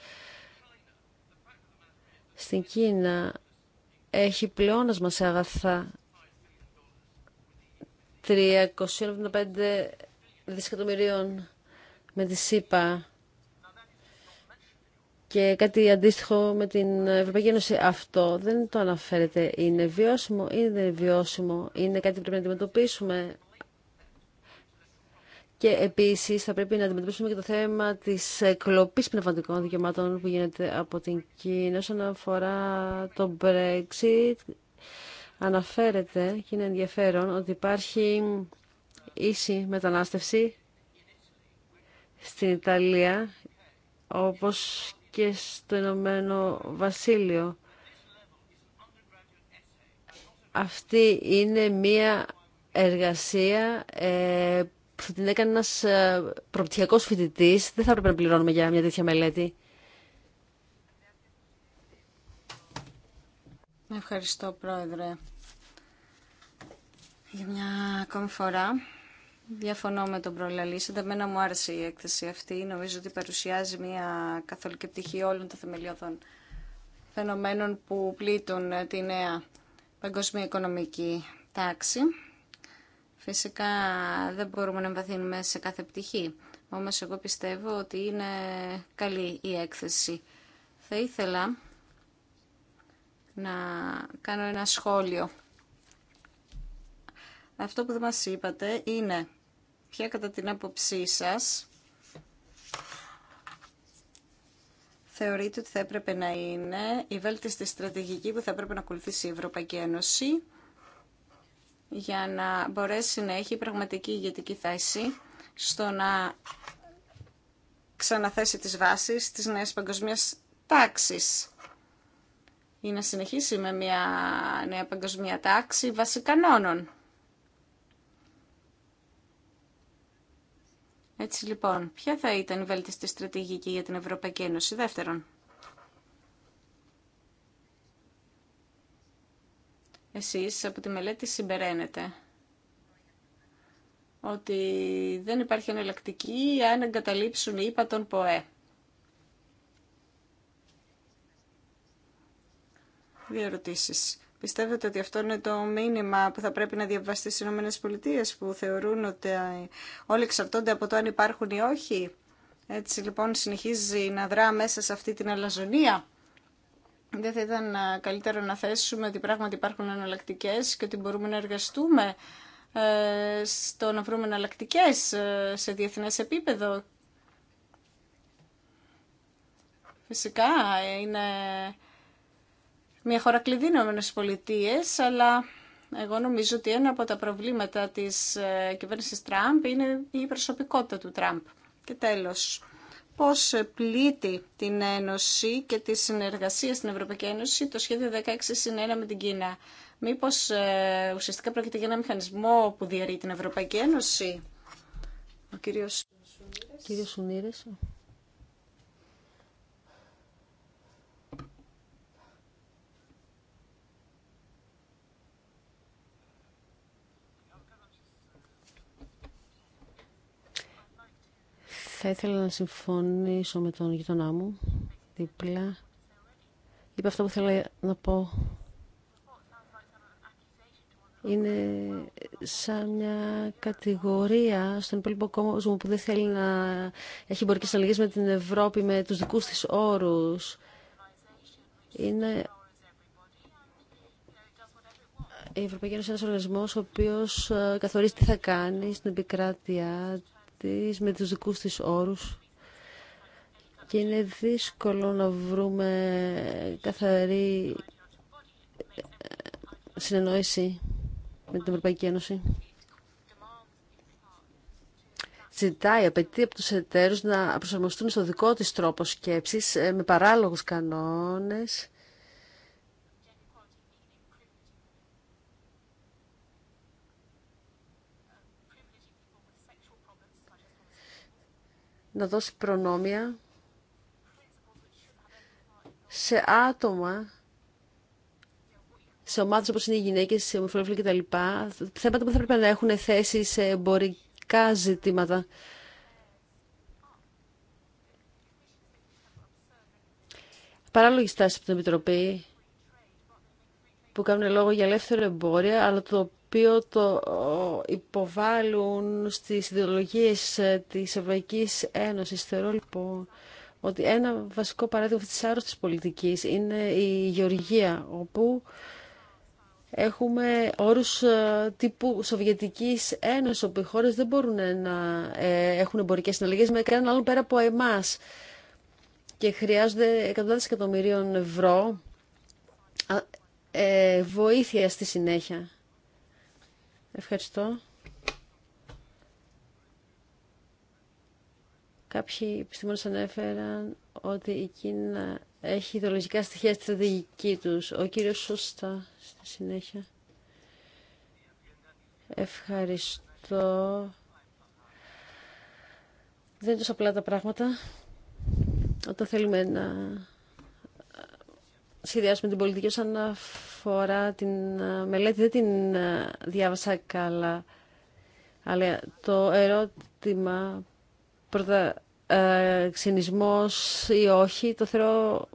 Στην Κίνα έχει πλεόνασμα σε αγαθά 375 δισεκατομμυρίων με τη ΣΥΠΑ και κάτι αντίστοιχο με την Ευρωπαϊκή Ένωση. Αυτό δεν το αναφέρεται. Είναι βιώσιμο ή δεν είναι βιώσιμο. Είναι κάτι που πρέπει να αντιμετωπίσουμε. Και επίση θα πρέπει να αντιμετωπίσουμε και το θέμα τη κλοπή πνευματικών δικαιωμάτων που γίνεται από την Κίνα όσον αφορά το Brexit. Αναφέρεται και είναι ενδιαφέρον ότι υπάρχει ίση μετανάστευση στην Ιταλία όπως και στο Ηνωμένο Βασίλειο. Αυτή είναι μία εργασία ε, που θα την έκανε ένας ε, προπτυχιακός φοιτητής. Δεν θα έπρεπε να πληρώνουμε για μια τέτοια μελέτη. Ευχαριστώ, Πρόεδρε. Για μια ακόμη φορά Διαφωνώ με τον προλαλή. Μένα μου άρεσε η έκθεση αυτή. Νομίζω ότι παρουσιάζει μια καθολική πτυχή όλων των θεμελιώδων φαινομένων που πλήττουν ε, τη νέα παγκοσμία οικονομική τάξη. Φυσικά δεν μπορούμε να εμβαθύνουμε σε κάθε πτυχή. Όμως εγώ πιστεύω ότι είναι καλή η έκθεση. Θα ήθελα να κάνω ένα σχόλιο. Αυτό που δεν μας είπατε είναι Ποια κατά την άποψή σας θεωρείτε ότι θα έπρεπε να είναι η βέλτιστη στρατηγική που θα έπρεπε να ακολουθήσει η Ευρωπαϊκή Ένωση για να μπορέσει να έχει πραγματική ηγετική θέση στο να ξαναθέσει τις βάσεις της νέας παγκοσμίας τάξης ή να συνεχίσει με μια νέα παγκοσμία τάξη βάσει Έτσι λοιπόν, ποια θα ήταν η βέλτιστη στρατηγική για την Ευρωπαϊκή Ένωση δεύτερον. Εσείς από τη μελέτη συμπεραίνετε ότι δεν υπάρχει εναλλακτική αν εγκαταλείψουν οι τον ΠΟΕ. Δύο ερωτήσεις. Πιστεύετε ότι αυτό είναι το μήνυμα που θα πρέπει να διαβαστεί στι ΗΠΑ που θεωρούν ότι όλοι εξαρτώνται από το αν υπάρχουν ή όχι. Έτσι λοιπόν συνεχίζει να δρά μέσα σε αυτή την αλαζονία. Δεν θα ήταν καλύτερο να θέσουμε ότι πράγματι υπάρχουν εναλλακτικέ και ότι μπορούμε να εργαστούμε ε, στο να βρούμε εναλλακτικέ ε, σε διεθνέ επίπεδο. Φυσικά ε, είναι μια χώρα κλειδί πολιτείες, αλλά εγώ νομίζω ότι ένα από τα προβλήματα της ε, κυβέρνησης Τραμπ είναι η προσωπικότητα του Τραμπ. Και τέλος, πώς πλήττει την Ένωση και τη συνεργασία στην Ευρωπαϊκή Ένωση το σχέδιο 16 1 με την Κίνα. Μήπως ε, ουσιαστικά πρόκειται για ένα μηχανισμό που διαρρεί την Ευρωπαϊκή Ένωση. Ο κύριος, κύριος Θα ήθελα να συμφωνήσω με τον γειτονά μου δίπλα. Είπα αυτό που θέλω να πω. Είναι σαν μια κατηγορία στον υπόλοιπο κόσμο που δεν θέλει να έχει εμπορικές αλληλίες με την Ευρώπη, με τους δικούς της όρους. Είναι η Ευρωπαϊκή Ένωση είναι ένας οργανισμός ο οποίος ε, καθορίζει τι θα κάνει στην επικράτειά της με τους δικούς της όρους και είναι δύσκολο να βρούμε καθαρή ε, συνεννόηση με την Ευρωπαϊκή Ένωση. Ζητάει, απαιτεί από τους εταίρους να προσαρμοστούν στο δικό της τρόπο σκέψης ε, με παράλογους κανόνες να δώσει προνόμια σε άτομα, σε ομάδες όπως είναι οι γυναίκες, σε ομοφυλόφιλοι κτλ. Θέματα που θα πρέπει να έχουν θέση σε εμπορικά ζητήματα. Παράλογη στάση από την Επιτροπή που κάνουν λόγο για ελεύθερο εμπόριο, αλλά το οποίο το υποβάλλουν στις ιδεολογίες ε, της Ευρωπαϊκής Ένωσης. Θεωρώ λοιπόν ότι ένα βασικό παράδειγμα αυτής της άρρωστης πολιτικής είναι η γεωργία, όπου έχουμε όρους ε, τύπου Σοβιετικής Ένωσης, όπου οι χώρες δεν μπορούν να ε, έχουν εμπορικές συναλλαγές με κανέναν άλλον πέρα από εμάς και χρειάζονται εκατοντάδες εκατομμυρίων ευρώ βοήθεια στη συνέχεια. Ευχαριστώ. Κάποιοι επιστήμονες ανέφεραν ότι η Κίνα έχει ιδεολογικά στοιχεία στρατηγική τους. Ο κύριος Σούστα στη συνέχεια. Ευχαριστώ. Δεν είναι τόσο απλά τα πράγματα. Όταν θέλουμε να σχεδιάσουμε την πολιτική όσον αφορά την ε, μελέτη. Δεν την ε, διάβασα καλά. Αλλά το ερώτημα πρώτα ε, ή όχι, το θεωρώ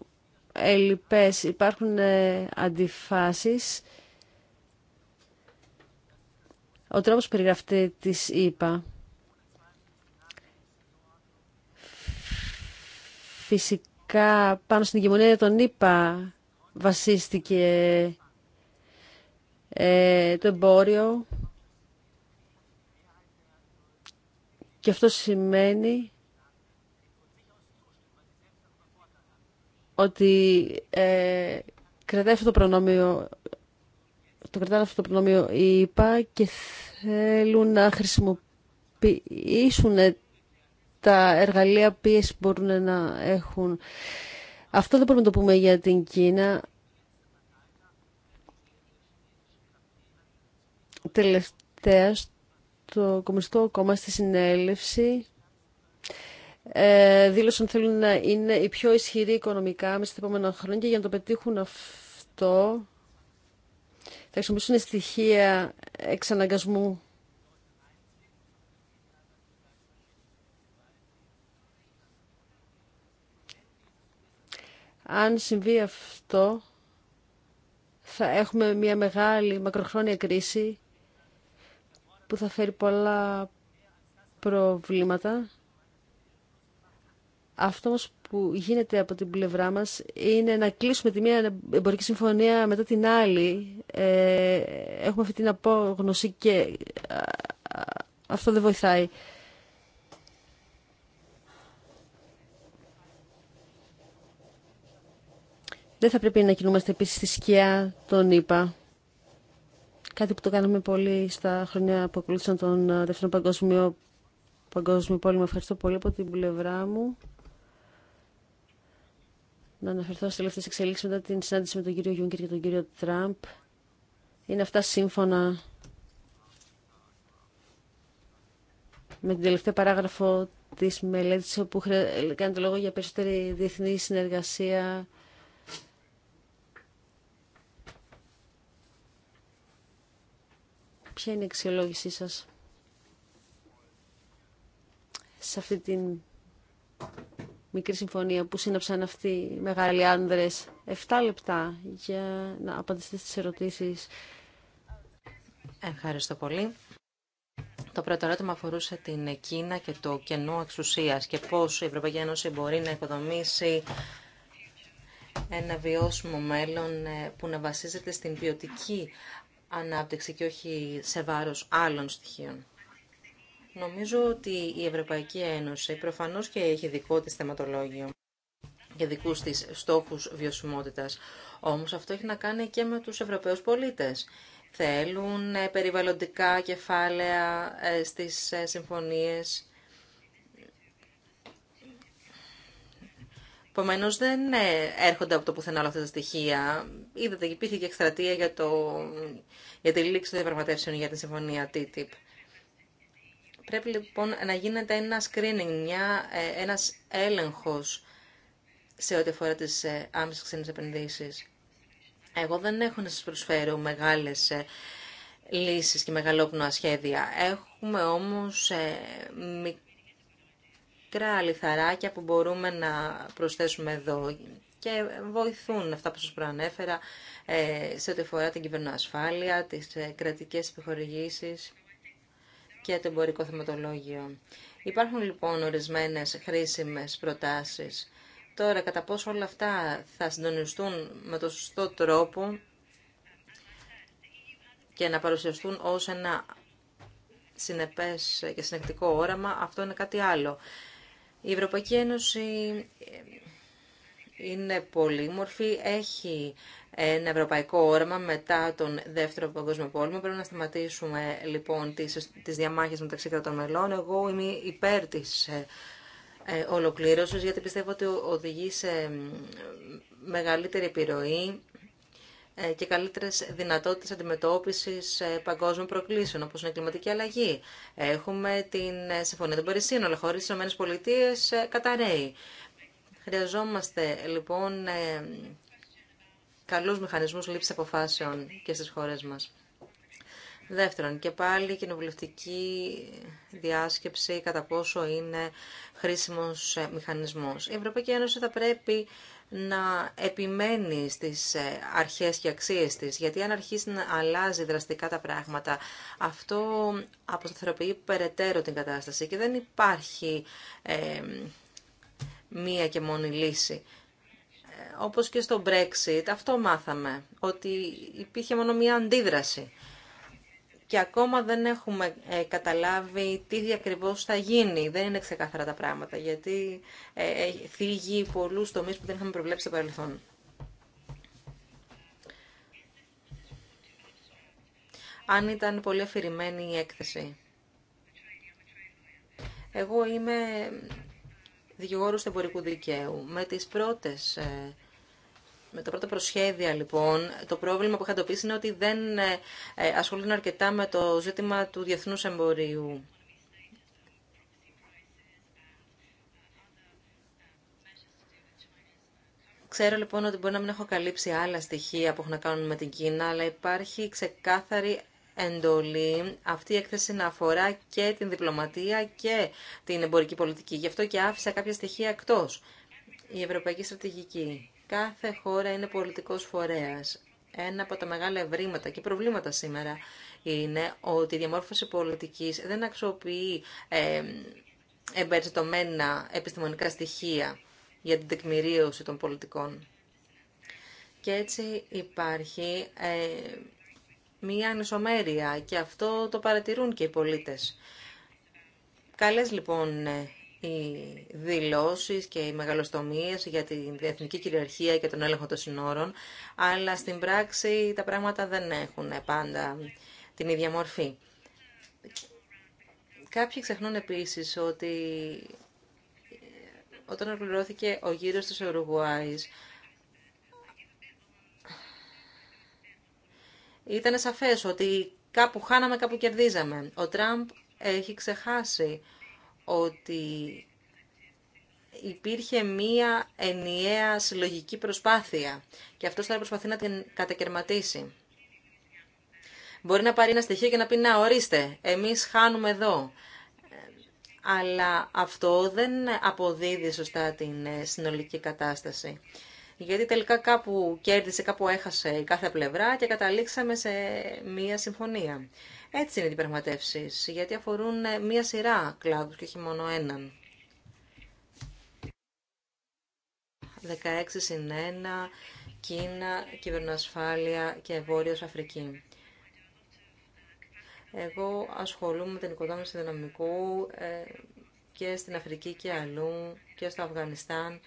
ελλειπές. Υπάρχουν ε, αντιφάσεις. Ο τρόπος περιγραφτεί της είπα. Φυσικά πάνω στην κοινωνία των ΗΠΑ βασίστηκε ε, το εμπόριο και αυτό σημαίνει ότι ε, κρατάει αυτό το προνόμιο το κρατάει αυτό το προνόμιο οι ΙΠΑ και θέλουν να χρησιμοποιήσουν τα εργαλεία πίεση που μπορούν να έχουν. Αυτό δεν μπορούμε να το πούμε για την Κίνα. Τελευταία, το Κομμουνιστικό Κόμμα στη συνέλευση ε, δήλωσαν ότι θέλουν να είναι οι πιο ισχυροί οικονομικά μέσα στα επόμενα χρόνια και για να το πετύχουν αυτό θα χρησιμοποιήσουν στοιχεία εξαναγκασμού Αν συμβεί αυτό, θα έχουμε μια μεγάλη μακροχρόνια κρίση που θα φέρει πολλά προβλήματα. Αυτό που γίνεται από την πλευρά μας είναι να κλείσουμε τη μία εμπορική συμφωνία μετά την άλλη. Ε, έχουμε αυτή την απόγνωση και αυτό δεν βοηθάει. Δεν θα πρέπει να κινούμαστε επίσης στη σκιά τον ΗΠΑ. Κάτι που το κάναμε πολύ στα χρόνια που ακολούθησαν τον ε, Δεύτερο Παγκόσμιο, Παγκόσμιο Πόλεμο. Ευχαριστώ πολύ από την πλευρά μου. Να αναφερθώ στις τελευταίες εξελίξεις μετά την συνάντηση με τον κύριο Γιούγκερ και τον κύριο Τραμπ. Είναι αυτά σύμφωνα με την τελευταία παράγραφο της μελέτης όπου κάνει το λόγο για περισσότερη διεθνή συνεργασία Ποια είναι η αξιολόγησή σας σε αυτή την μικρή συμφωνία που σύναψαν αυτοί οι μεγάλοι άνδρες. Εφτά λεπτά για να απαντήσετε στις ερωτήσεις. Ευχαριστώ πολύ. Το πρώτο ερώτημα αφορούσε την Κίνα και το κενό εξουσίας και πώς η Ευρωπαϊκή Ένωση μπορεί να οικοδομήσει ένα βιώσιμο μέλλον ε, που να βασίζεται στην ποιοτική ανάπτυξη και όχι σε βάρος άλλων στοιχείων. Νομίζω ότι η Ευρωπαϊκή Ένωση προφανώς και έχει δικό της θεματολόγιο και δικούς της στόχους βιωσιμότητας. Όμως αυτό έχει να κάνει και με τους Ευρωπαίους πολίτες. Θέλουν ε, περιβαλλοντικά κεφάλαια ε, στις ε, συμφωνίες Επομένω, δεν ε, έρχονται από το πουθενά όλα αυτά τα στοιχεία. Είδατε, υπήρχε και εκστρατεία για, το, για τη λήξη των διαπραγματεύσεων για τη συμφωνία TTIP. Πρέπει λοιπόν να γίνεται ένα screening, μια, ε, ένας έλεγχος σε ό,τι αφορά τις ε, άμεσες ξένες επενδύσεις. Εγώ δεν έχω να σας προσφέρω μεγάλες λύσεις και μεγαλόπνοα σχέδια. Έχουμε όμως μικρά λιθαράκια που μπορούμε να προσθέσουμε εδώ και βοηθούν αυτά που σας προανέφερα ε, σε ό,τι αφορά την κυβερνοασφάλεια, τις ε, κρατικές επιχορηγήσεις και το εμπορικό θεματολόγιο. Υπάρχουν λοιπόν ορισμένες χρήσιμες προτάσεις. Τώρα, κατά πόσο όλα αυτά θα συντονιστούν με το σωστό τρόπο και να παρουσιαστούν ως ένα συνεπές και συνεκτικό όραμα, αυτό είναι κάτι άλλο. Η Ευρωπαϊκή Ένωση ε, είναι πολύμορφη, έχει ένα ευρωπαϊκό όραμα μετά τον Δεύτερο Παγκόσμιο Πόλεμο. Πρέπει να σταματήσουμε λοιπόν τις, τις διαμάχες μεταξύ κρατών μελών. Εγώ είμαι υπέρ της ε, ε ολοκλήρωσης γιατί πιστεύω ότι οδηγεί σε μεγαλύτερη επιρροή ε, και καλύτερες δυνατότητες αντιμετώπισης ε, παγκόσμιων προκλήσεων, όπως είναι η κλιματική αλλαγή. Έχουμε την ε, Συμφωνία των Περισσίνων, αλλά χωρίς τις ΗΠΑ καταραίει. Χρειαζόμαστε λοιπόν καλούς μηχανισμούς λήψης αποφάσεων και στις χώρες μας. Δεύτερον, και πάλι η κοινοβουλευτική διάσκεψη κατά πόσο είναι χρήσιμος ε, μηχανισμός. Η Ευρωπαϊκή Ένωση θα πρέπει να επιμένει στις ε, αρχές και αξίες της, γιατί αν αρχίσει να αλλάζει δραστικά τα πράγματα, αυτό αποσταθεροποιεί περαιτέρω την κατάσταση και δεν υπάρχει ε, μία και μόνη λύση. Όπως και στο Brexit, αυτό μάθαμε, ότι υπήρχε μόνο μία αντίδραση και ακόμα δεν έχουμε ε, καταλάβει τι ακριβώς θα γίνει. Δεν είναι ξεκάθαρα τα πράγματα, γιατί ε, ε, θίγει πολλούς τομείς που δεν είχαμε προβλέψει στο παρελθόν. Αν ήταν πολύ αφηρημένη η έκθεση. Εγώ είμαι δικηγόρος εμπορικού δικαίου. Με τις πρώτες με τα πρώτα προσχέδια, λοιπόν, το πρόβλημα που είχα εντοπίσει είναι ότι δεν ε, ε, ασχολούνται αρκετά με το ζήτημα του διεθνούς εμπορίου. Ξέρω λοιπόν ότι μπορεί να μην έχω καλύψει άλλα στοιχεία που έχουν να κάνουν με την Κίνα, αλλά υπάρχει ξεκάθαρη εντολή αυτή η έκθεση να αφορά και την διπλωματία και την εμπορική πολιτική. Γι' αυτό και άφησα κάποια στοιχεία εκτός. Η Ευρωπαϊκή Στρατηγική κάθε χώρα είναι πολιτικός φορέας. Ένα από τα μεγάλα ευρήματα και προβλήματα σήμερα είναι ότι η διαμόρφωση πολιτικής δεν αξιοποιεί ε, εμπεριστατωμένα επιστημονικά στοιχεία για την τεκμηρίωση των πολιτικών. Και έτσι υπάρχει ε, μία ανισομέρεια και αυτό το παρατηρούν και οι πολίτες. Καλές λοιπόν ε, οι δηλώσεις και οι μεγαλοστομίες για την διεθνική κυριαρχία και τον έλεγχο των συνόρων, αλλά στην πράξη τα πράγματα δεν έχουν πάντα την ίδια μορφή. Κάποιοι ξεχνούν επίσης ότι όταν ολοκληρώθηκε ο γύρος της Ουρουγουάης, ήταν σαφές ότι κάπου χάναμε, κάπου κερδίζαμε. Ο Τραμπ έχει ξεχάσει ότι υπήρχε μία ενιαία συλλογική προσπάθεια και αυτός τώρα προσπαθεί να την κατακαιρματίσει. Μπορεί να πάρει ένα στοιχείο και να πει «Να, ορίστε, εμείς χάνουμε εδώ». Αλλά αυτό δεν αποδίδει σωστά την ε, συνολική κατάσταση. Γιατί τελικά κάπου κέρδισε, κάπου έχασε η κάθε πλευρά και καταλήξαμε σε μία συμφωνία. Έτσι είναι οι διαπραγματεύσει, γιατί αφορούν ε, μία σειρά κλάδου και όχι μόνο έναν. 16 συν 1, Κίνα, κυβερνοασφάλεια και Βόρειος Αφρική. Εγώ ασχολούμαι με την οικοδόμηση δυναμικού ε, και στην Αφρική και αλλού και στο Αφγανιστάν.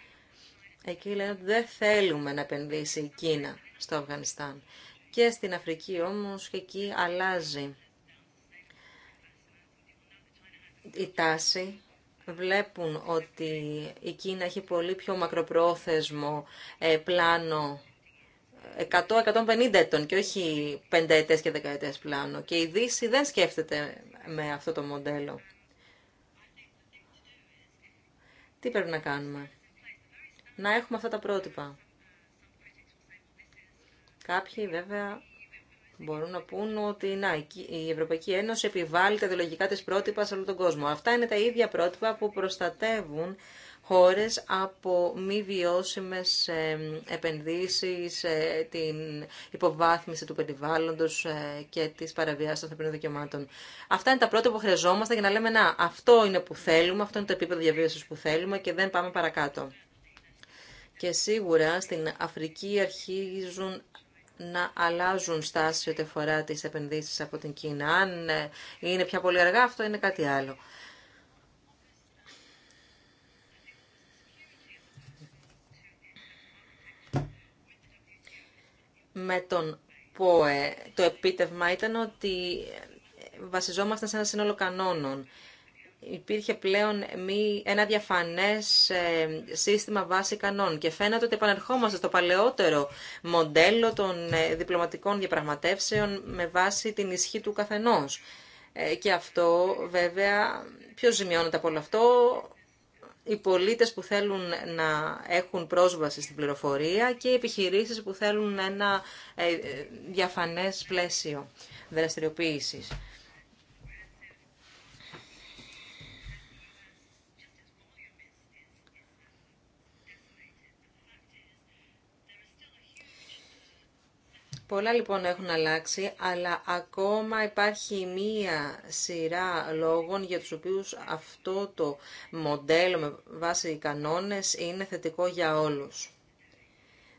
Εκεί λένε ότι δεν θέλουμε να επενδύσει η Κίνα στο Αφγανιστάν. Και στην Αφρική όμως και εκεί αλλάζει η τάση βλέπουν ότι η Κίνα έχει πολύ πιο μακροπρόθεσμο ε, πλάνο 100-150 ετών και όχι 5 και 10 πλάνο. Και η Δύση δεν σκέφτεται με αυτό το μοντέλο. Τι πρέπει να κάνουμε. Να έχουμε αυτά τα πρότυπα. Κάποιοι βέβαια Μπορούν να πούν ότι να, η Ευρωπαϊκή Ένωση επιβάλλει τα ιδεολογικά της πρότυπα σε όλο τον κόσμο. Αυτά είναι τα ίδια πρότυπα που προστατεύουν χώρες από μη βιώσιμες επενδύσεις, ε, την υποβάθμιση του περιβάλλοντος ε, και της παραβιάσεις των ανθρωπίνων δικαιωμάτων. Αυτά είναι τα πρώτα που χρειαζόμαστε για να λέμε να αυτό είναι που θέλουμε, αυτό είναι το επίπεδο διαβίωσης που θέλουμε και δεν πάμε παρακάτω. Και σίγουρα στην Αφρική αρχίζουν να αλλάζουν στάση ό,τι αφορά τις επενδύσεις από την Κίνα. Αν ε, είναι πια πολύ αργά, αυτό είναι κάτι άλλο. Με τον ΠΟΕ το επίτευγμα ήταν ότι βασιζόμασταν σε ένα σύνολο κανόνων υπήρχε πλέον μη, ένα διαφανές ε, σύστημα βάση κανόν και φαίνεται ότι επανερχόμαστε στο παλαιότερο μοντέλο των ε, διπλωματικών διαπραγματεύσεων με βάση την ισχύ του καθενός. Ε, και αυτό βέβαια, πιο ζημιώνεται από όλο αυτό, οι πολίτες που θέλουν να έχουν πρόσβαση στην πληροφορία και οι επιχειρήσεις που θέλουν ένα διαφανές πλαίσιο δραστηριοποίησης. Πολλά λοιπόν έχουν αλλάξει, αλλά ακόμα υπάρχει μία σειρά λόγων για τους οποίους αυτό το μοντέλο με βάση κανόνες είναι θετικό για όλους.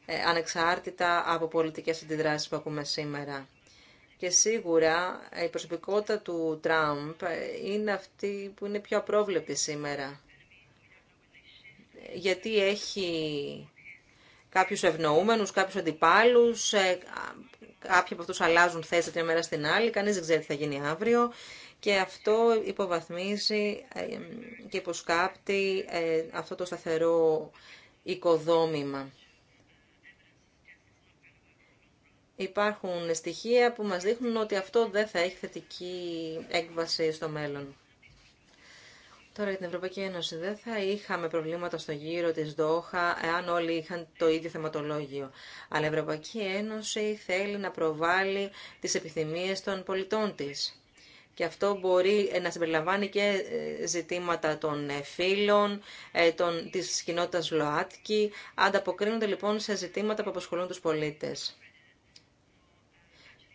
Ε, ανεξάρτητα από πολιτικές αντιδράσεις που ακούμε σήμερα. Και σίγουρα η προσωπικότητα του Τραμπ ε, είναι αυτή που είναι πιο απρόβλεπτη σήμερα. Γιατί έχει κάποιους ευνοούμενους, κάποιους αντιπάλους, ε, κάποιοι από αυτούς αλλάζουν θέση την μέρα στην άλλη, κανείς δεν ξέρει τι θα γίνει αύριο και αυτό υποβαθμίζει ε, και υποσκάπτει ε, αυτό το σταθερό οικοδόμημα. Υπάρχουν στοιχεία που μας δείχνουν ότι αυτό δεν θα έχει θετική έκβαση στο μέλλον. Τώρα για την Ευρωπαϊκή Ένωση δεν θα είχαμε προβλήματα στο γύρο της Δόχα αν όλοι είχαν το ίδιο θεματολόγιο. Αλλά η Ευρωπαϊκή Ένωση θέλει να προβάλλει τις επιθυμίες των πολιτών της. Και αυτό μπορεί ε, να συμπεριλαμβάνει και ε, ζητήματα των ε, φίλων, των, της κοινότητας ΛΟΑΤΚΙ. Ανταποκρίνονται λοιπόν σε ζητήματα που απασχολούν τους πολίτες.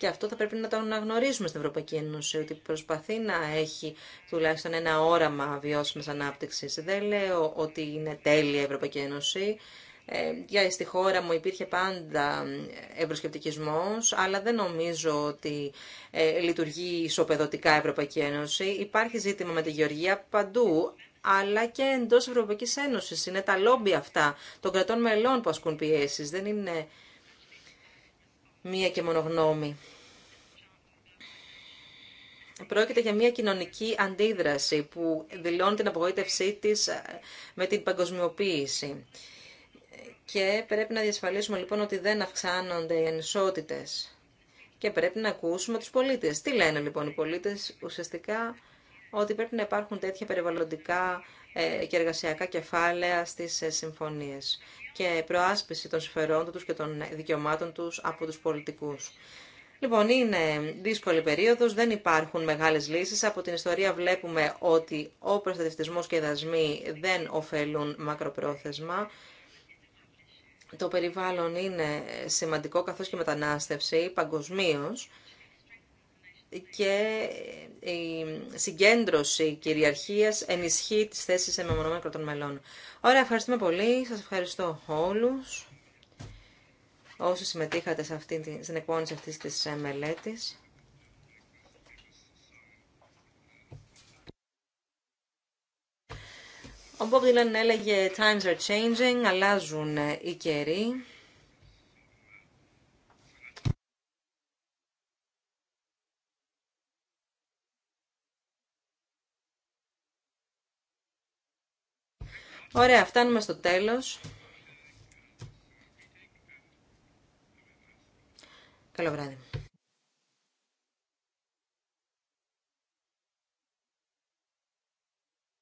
Και αυτό θα πρέπει να το αναγνωρίσουμε στην Ευρωπαϊκή Ένωση, ότι προσπαθεί να έχει τουλάχιστον ένα όραμα βιώσιμη ανάπτυξη. Δεν λέω ότι είναι τέλεια η Ευρωπαϊκή Ένωση. Ε, για, στη χώρα μου υπήρχε πάντα ευρωσκεπτικισμός, αλλά δεν νομίζω ότι ε, λειτουργεί ισοπεδωτικά η Ευρωπαϊκή Ένωση. Υπάρχει ζήτημα με τη Γεωργία παντού, αλλά και εντό Ευρωπαϊκή Ένωση. Είναι τα λόμπι αυτά των κρατών μελών που ασκούν πιέσει. Δεν είναι μία και μόνο Πρόκειται για μια κοινωνική αντίδραση που δηλώνει την απογοήτευσή της ε, με την παγκοσμιοποίηση. Και πρέπει να διασφαλίσουμε λοιπόν ότι δεν αυξάνονται οι ανισότητες. Και πρέπει να ακούσουμε τους πολίτες. Τι λένε λοιπόν οι πολίτες ουσιαστικά ότι πρέπει να υπάρχουν τέτοια περιβαλλοντικά ε, και εργασιακά κεφάλαια στις ε, συμφωνίες και προάσπιση των συμφερόντων τους και των δικαιωμάτων τους από τους πολιτικούς. Λοιπόν, είναι δύσκολη περίοδος, δεν υπάρχουν μεγάλες λύσεις. Από την ιστορία βλέπουμε ότι ο προστατευτισμός και οι δασμοί δεν ωφελούν μακροπρόθεσμα. Το περιβάλλον είναι σημαντικό καθώς και η μετανάστευση παγκοσμίω και ε, η συγκέντρωση κυριαρχίας ενισχύει τις θέσεις εμμονωμένων κρατών μελών. Ωραία, ευχαριστούμε πολύ. Σας ευχαριστώ όλους όσοι συμμετείχατε σε αυτή, στην εκπόνηση αυτής της ε, μελέτης. Ο Bob έλεγε «Times are changing», αλλάζουν ε, οι καιροί. Ωραία, φτάνουμε στο τέλος. Καλό βράδυ.